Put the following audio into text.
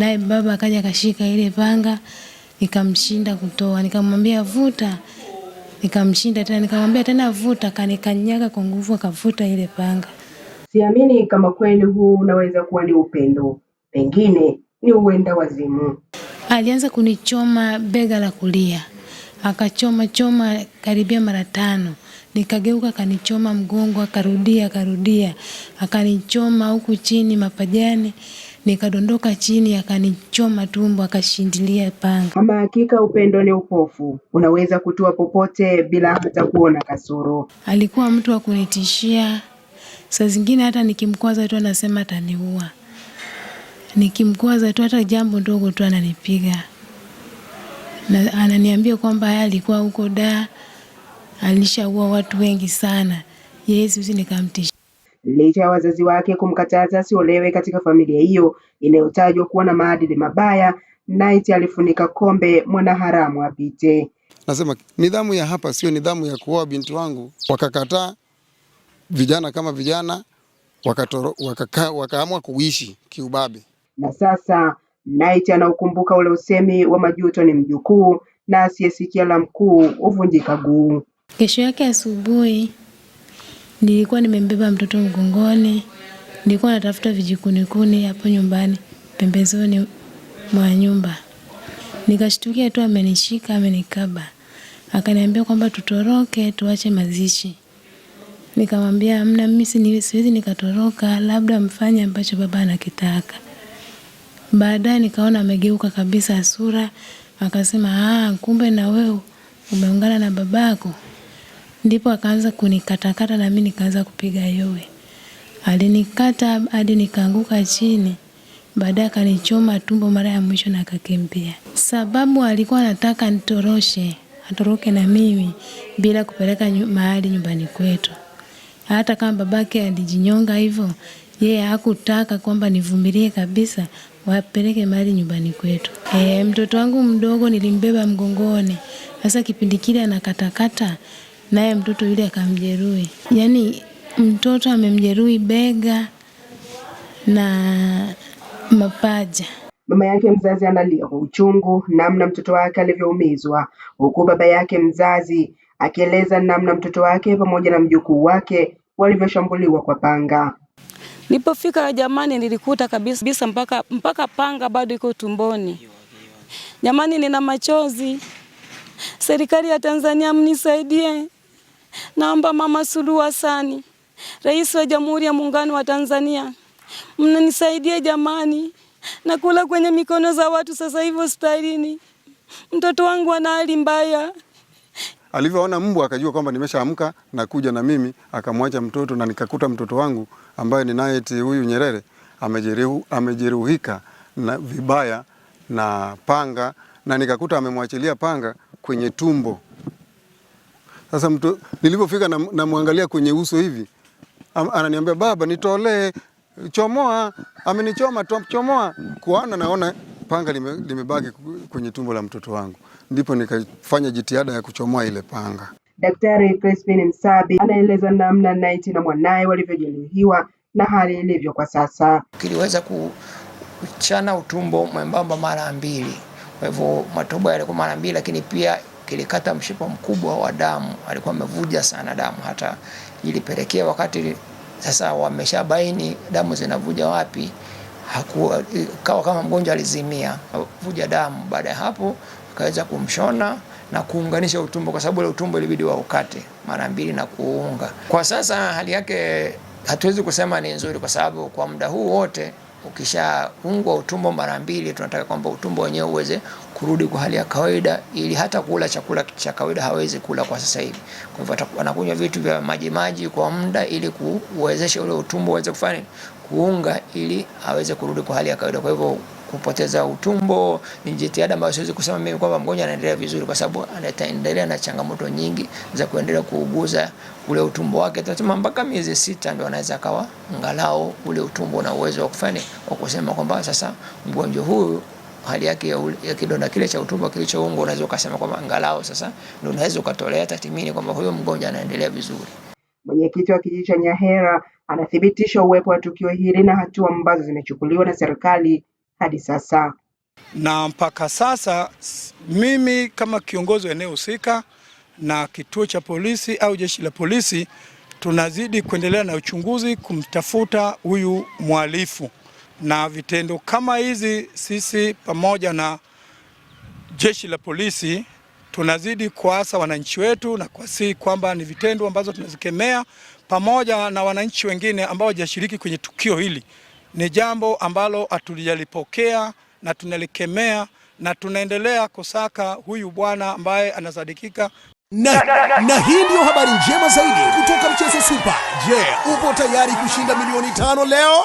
naye baba akaja akashika ile panga, nikamshinda kutoa, nikamwambia vuta, nikamshinda tena, nikamwambia tena vuta, kanikanyaga kwa nguvu, akavuta ile panga. Siamini kama kweli huu unaweza kuwa ni upendo, pengine ni uenda wazimu. Alianza kunichoma bega la kulia, akachoma choma karibia mara tano nikageuka akanichoma mgongo, akarudia akarudia, akanichoma huku chini mapajani nikadondoka chini, akanichoma tumbo, akashindilia panga. Ama hakika upendo ni upofu, unaweza kutua popote bila hata kuona kasoro. Alikuwa mtu wa kunitishia, saa zingine hata nikimkwaza tu anasema ataniua, nikimkwaza tu hata jambo ndogo tu ananipiga na ananiambia kwamba haya alikuwa huko da, alishaua watu wengi sana, yeye siusi nikamtishia licha ya wazazi wake kumkataza asiolewe katika familia hiyo inayotajwa kuwa na maadili mabaya. Knight alifunika kombe mwanaharamu apite. Nasema nidhamu ya hapa sio nidhamu ya kuoa binti wangu. Wakakataa vijana kama vijana, wakatoro, wakaka, wakaamua kuishi kiubabe. Na sasa Knight anaukumbuka ule usemi wa majuto ni mjukuu, na asiyesikia la mkuu huvunjika guu. Kesho yake asubuhi Nilikuwa nimembeba mtoto mgongoni, nilikuwa natafuta vijikunikuni hapo nyumbani pembezoni mwa nyumba. Nikashtukia tu amenishika, amenikaba. Akaniambia kwamba tutoroke, tuache mazishi. Nikamwambia amna, mimi siwezi nikatoroka, labda mfanye ambacho baba anakitaka. Baadaye nikaona amegeuka kabisa sura, akasema ah, kumbe na wewe umeungana na babako. Ndipo akaanza kunikatakata na mimi nikaanza kupiga yowe. Alinikata hadi nikaanguka chini. Baadaye akanichoma tumbo mara ya mwisho na akakimbia. Sababu alikuwa anataka nitoroshe, atoroke na mimi bila kupeleka nyu, mahali nyumbani kwetu. Hata kama babake alijinyonga hivyo, yeye hakutaka kwamba nivumilie kabisa wapeleke mahali nyumbani kwetu. E, mtoto wangu mdogo nilimbeba mgongoni. Sasa kipindi kile anakatakata naye mtoto yule akamjeruhi. Yaani mtoto amemjeruhi bega na mapaja. Mama yake mzazi analia kwa uchungu namna mtoto wake alivyoumizwa, huku baba yake mzazi akieleza namna mtoto wake pamoja na mjukuu wake walivyoshambuliwa kwa panga. Nilipofika jamani, nilikuta kabisa mpaka, mpaka panga bado iko tumboni. Jamani, nina machozi. Serikali ya Tanzania mnisaidie. Naomba Mama Suluhu Hassan, Rais wa Jamhuri ya Muungano wa Tanzania, mnanisaidie jamani. Nakula kwenye mikono za watu sasa hivi hospitalini, mtoto wangu ana hali mbaya. Alivyoona mbwa akajua kwamba nimeshaamka na kuja na mimi, akamwacha mtoto na nikakuta mtoto wangu ambaye ninaye huyu Nyerere amejeruhika, na vibaya na panga, na nikakuta amemwachilia panga kwenye tumbo. Sasa mtu nilipofika namwangalia na kwenye uso hivi, ananiambia baba, nitolee, chomoa. Amenichoma, chomoa. Kuana naona panga limebaki lime kwenye tumbo la mtoto wangu, ndipo nikafanya jitihada ya kuchomoa ile panga. Daktari Crispin Msabi anaeleza namna Naiti na mwanaye walivyojeruhiwa na hali ilivyo kwa sasa. Kiliweza kuchana utumbo mwembamba mara mbili, kwa hivyo matobo yalikuwa mara mbili, lakini pia kilikata mshipa mkubwa wa damu, alikuwa amevuja sana damu, hata ilipelekea wakati sasa wameshabaini damu zinavuja wapi, hakuwa kawa kama mgonjwa alizimia, vuja damu. Baada ya hapo akaweza kumshona na kuunganisha utumbo, kwa sababu ile utumbo ilibidi ukate mara mbili na kuunga. Kwa sasa hali yake hatuwezi kusema ni nzuri, kwa sababu kwa muda huu wote Ukishaungwa utumbo mara mbili, tunataka kwamba utumbo wenyewe uweze kurudi kwa hali ya kawaida, ili hata kula chakula cha kawaida hawezi kula kwa sasa hivi. Kwa hivyo anakunywa vitu vya maji maji kwa muda, ili kuwezesha ule utumbo uweze kufanya kuunga ili aweze kurudi kwa hali ya kawaida. Kwa hivyo kupoteza utumbo ni jitihada ambayo siwezi kusema mimi kwamba mgonjwa anaendelea vizuri, kwa sababu anaendelea na changamoto nyingi za kuendelea kuuguza ule utumbo wake. Tunasema mpaka miezi sita ndio anaweza akawa ngalao ule utumbo na uwezo wa kufanya wa kusema kwamba sasa mgonjwa huyu hali yake ya, ya kidonda kile cha utumbo kilichoungwa, unaweza ukasema kwamba angalau sasa ndio unaweza ukatolea tathmini kwamba huyo mgonjwa anaendelea vizuri. Mwenyekiti wa kijiji cha Nyahera anathibitisha uwepo wa tukio hili na hatua ambazo zimechukuliwa na serikali hadi sasa. Na mpaka sasa mimi kama kiongozi wa eneo husika na kituo cha polisi au jeshi la polisi tunazidi kuendelea na uchunguzi kumtafuta huyu mhalifu, na vitendo kama hizi sisi pamoja na jeshi la polisi tunazidi kuasa wananchi wetu na kuasihi kwamba ni vitendo ambazo tunazikemea pamoja na wananchi wengine ambao hawajashiriki kwenye tukio hili ni jambo ambalo hatujalipokea na tunalikemea na tunaendelea kusaka huyu bwana ambaye anasadikika na, na hii ndiyo habari njema zaidi kutoka mchezo Super. Je, upo tayari kushinda milioni tano leo?